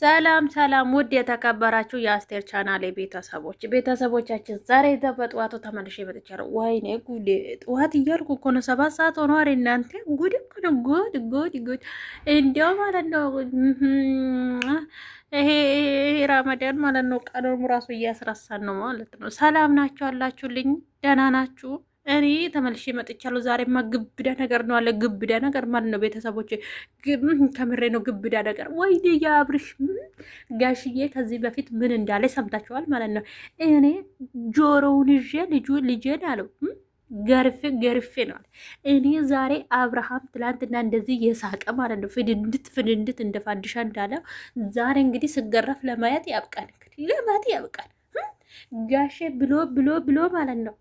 ሰላም ሰላም፣ ውድ የተከበራችሁ የአስቴር ቻናል ቤተሰቦች ቤተሰቦቻችን፣ ዛሬ በጠዋቱ ተመልሼ መጥቻለሁ። ወይኔ ጉዴ! ጠዋት እያልኩ እኮ ነው፣ ሰባት ሰዓት ሆኗል። እናንተ ጉድ እኮ ነው፣ ጉድ ጉድ ጉድ። እንዲያው ማለት ነው ይሄ ረመዳን ማለት ነው፣ ቀኑም ራሱ እያስረሳን ነው ማለት ነው። ሰላም ናችሁ? አላችሁልኝ? ደህና ናችሁ? እኔ ተመልሼ መጥቻለሁ። ዛሬማ ግብዳ ነገር ነው አለ። ግብዳ ነገር ማለት ነው ቤተሰቦች፣ ከምሬ ነው ግብዳ ነገር። ወይኔ የአብርሽ ጋሽዬ ከዚህ በፊት ምን እንዳለ ሰምታችኋል ማለት ነው። እኔ ጆሮውን ይዤ ልጁ ልጄን አለው ገርፌ ገርፌ ነው እኔ ዛሬ አብርሃም ትላንትና እንደዚህ የሳቀ ማለት ነው ፍድንድት ፍድንድት እንደ ፋንድሻ እንዳለ ዛሬ እንግዲህ ስገረፍ ለማየት ያብቃል፣ ለማየት ያብቃል። ጋሼ ብሎ ብሎ ብሎ ማለት ነው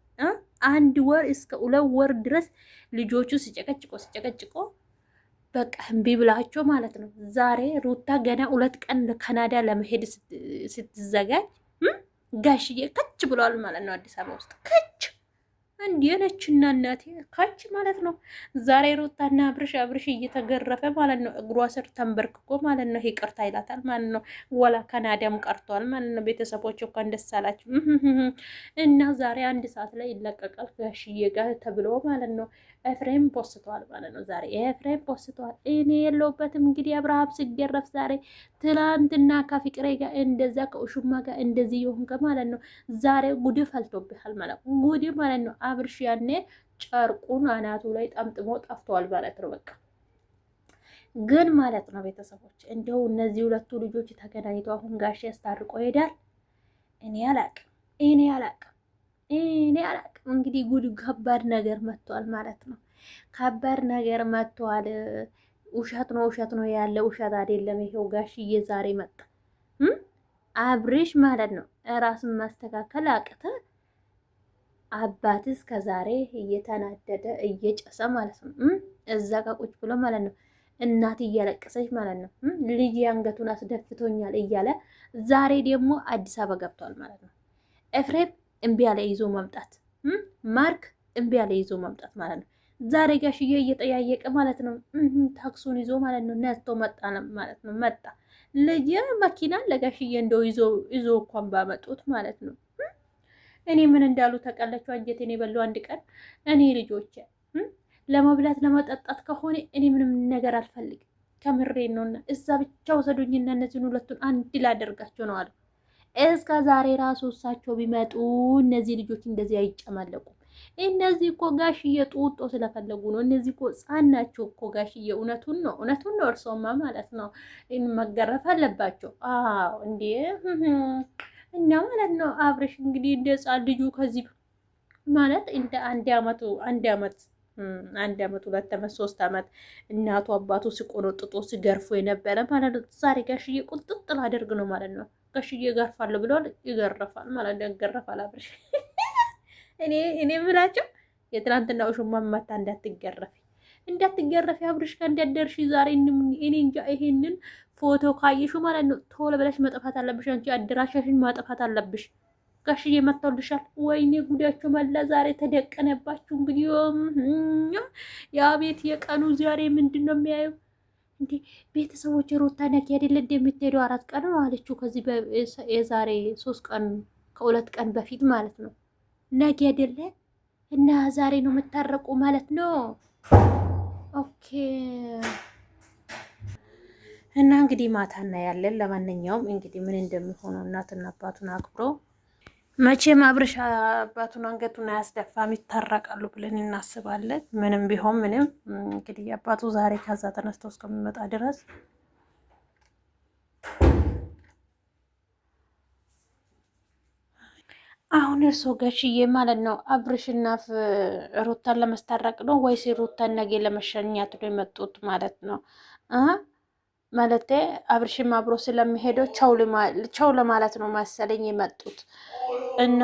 አንድ ወር እስከ ሁለት ወር ድረስ ልጆቹ ሲጨቀጭቆ ሲጨቀጭቆ በቃ እምቢ ብላቸው ማለት ነው። ዛሬ ሩታ ገና ሁለት ቀን ለካናዳ ለመሄድ ስትዘጋጅ ጋሽዬ ከች ብለዋል ማለት ነው። አዲስ አበባ ውስጥ ከች የነችና እናቴ ካች ማለት ነው። ዛሬ ሩታና አብርሽ አብርሽ እየተገረፈ ማለት ነው። እግሯ ስር ተንበርክኮ ማለት ነው። ይቅርታ ይላታል ማለት ነው። ወላ ከናዳም ቀርቷል ማለት ነው። ቤተሰቦች እኮ ደስ አላችሁ እና ዛሬ አንድ ሰዓት ላይ ይለቀቃል ጋሽዬ ጋር ተብሎ ማለት ነው። ኤፍሬም ፖስቷል ማለት ነው። ዛሬ ኤፍሬም ፖስቷል። እኔ የለውበትም እንግዲህ አብርሃም ሲገረፍ ዛሬ ትላንትና ከፍቅሬ ጋር እንደዛ ከኡሹማ ጋር እንደዚህ የሆንከ ማለት ነው። ዛሬ ጉድ ፈልቶብሃል ማለት ነው። ጉድ ማለት ነው። አብርሽ ያኔ ጨርቁን አናቱ ላይ ጠምጥሞ ጠፍተዋል ማለት ነው። በቃ ግን ማለት ነው ቤተሰቦች እንደው እነዚህ ሁለቱ ልጆች ተገናኝተው አሁን ጋሽ ያስታርቆ ይሄዳል። እኔ አላቅም፣ እኔ አላቅም፣ እኔ አላቅም። እንግዲህ ጉድ ከባድ ነገር መጥቷል ማለት ነው። ከባድ ነገር መጥቷል። ውሸት ነው ውሸት ነው ያለ ውሸት አይደለም። ይሄው ጋሽዬ ዛሬ መጣ አብርሽ ማለት ነው። ራስን ማስተካከል አቅተ አባት እስከ ዛሬ እየተናደደ እየጨሰ ማለት ነው፣ እዛ ጋር ቁጭ ብሎ ማለት ነው። እናት እያለቀሰች ማለት ነው። ልጅ አንገቱን አስደፍቶኛል እያለ ዛሬ ደግሞ አዲስ አበባ ገብቷል ማለት ነው። ኤፍሬም እምቢ ያለ ይዞ መምጣት፣ ማርክ እምቢ ያለ ይዞ መምጣት ማለት ነው። ዛሬ ጋሽዬ እየጠያየቀ ማለት ነው። ታክሱን ይዞ ማለት ነው ነስቶ መጣ ማለት ነው። መጣ ልጅ መኪና ለጋሽዬ እንደው ይዞ እኳን ባመጡት ማለት ነው። እኔ ምን እንዳሉ ተቀለችው አንጀቴን የበላው አንድ ቀን እኔ ልጆቼ ለመብላት ለመጠጣት ከሆነ እኔ ምንም ነገር አልፈልግም። ከምሬን ነውና እዛ ብቻ ወሰዱኝና እነዚህን ሁለቱን አንድ ላደርጋቸው ነው አሉ። እስከ ዛሬ ራሱ እሳቸው ቢመጡ እነዚህ ልጆች እንደዚህ አይጨማለቁም። እነዚህ እኮ ጋሽዬ ጡጦ ስለፈለጉ ነው። እነዚህ እኮ ሕፃን ናቸው እኮ ጋሽዬ። እውነቱን ነው፣ እውነቱን ነው። እርሶማ ማለት ነው መገረፍ አለባቸው። አዎ እንዴ እና ማለት ነው አብረሽ እንግዲህ እንደ ህፃን ልጁ ከዚህ ማለት እንደ አንድ አመቱ አንድ አመት አንድ አመት ሁለት አመት ሶስት አመት እናቱ አባቱ ሲቆነጥጦ ሲገርፎ የነበረ ማለት ነው። ዛሬ ጋሽዬ ቁንጥጥ ላደርግ ነው ማለት ነው። ጋሽዬ ይገርፋለሁ ብለዋል። ይገረፋል ማለት ነው። ይገረፋል አብረሽ እኔ እኔ የምላቸው የትናንትና ሹማ መታ እንዳትገረፍ እንዳትገረፊ አብርሽ ጋር እንዳደርሽ ዛሬ እኔ እንጃ። ይሄንን ፎቶ ካየሹ ማለት ነው ቶሎ ብለሽ መጥፋት አለብሽ። አንቺ አድራሻሽን ማጥፋት አለብሽ። ጋሽዬ መጥተውልሻል። ወይኔ ጉዳችሁ መላ ዛሬ ተደቀነባችሁ። እንግዲህ ቤት የቀኑ ዛሬ ምንድን ነው የሚያየው? እንዲ ቤተሰቦች ሩታ ነኪ አይደለ እንደምትሄደው አራት ቀን ነው አለችው። ከዚህ የዛሬ ሶስት ቀን ከሁለት ቀን በፊት ማለት ነው ነጊ አይደለ እና ዛሬ ነው የምታረቁ ማለት ነው። ኦኬ። እና እንግዲህ ማታ እናያለን። ለማንኛውም እንግዲህ ምን እንደሚሆነው እናትና አባቱን አክብሮ መቼም ማብረሻ አባቱን አንገቱን አያስደፋም፣ ይታረቃሉ ብለን እናስባለን። ምንም ቢሆን ምንም እንግዲህ አባቱ ዛሬ ከዛ ተነስተው እስከሚመጣ ድረስ አሁን እርሶ ጋሽዬ ማለት ነው አብርሽና ሩታን ለመስታረቅ ነው ወይስ ሩታን ነገ ለመሸኛት ነው የመጡት ማለት ነው? ማለት አብርሽም አብሮ ስለሚሄደው ቸው ለማለት ነው መሰለኝ የመጡት እና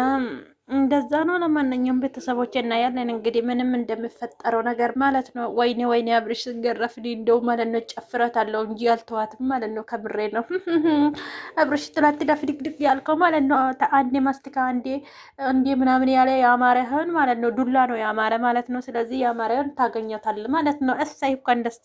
እንደዛ ነው። ለማንኛውም ቤተሰቦች እናያለን እንግዲህ ምንም እንደሚፈጠረው ነገር ማለት ነው። ወይኔ ወይኔ አብርሽ ስገረፍኒ እንደው ማለት ነው ጨፍረት አለው እንጂ ያልተዋትም ማለት ነው። ከምሬ ነው አብርሽ ትላት ዳፍ ያልከው ማለት ነው። አንዴ ማስቲካ አንዴ እንዴ ምናምን ያለ የአማረህን ማለት ነው። ዱላ ነው የአማረ ማለት ነው። ስለዚህ የአማረህን ታገኘታል ማለት ነው። እሳይ እንኳን ደስ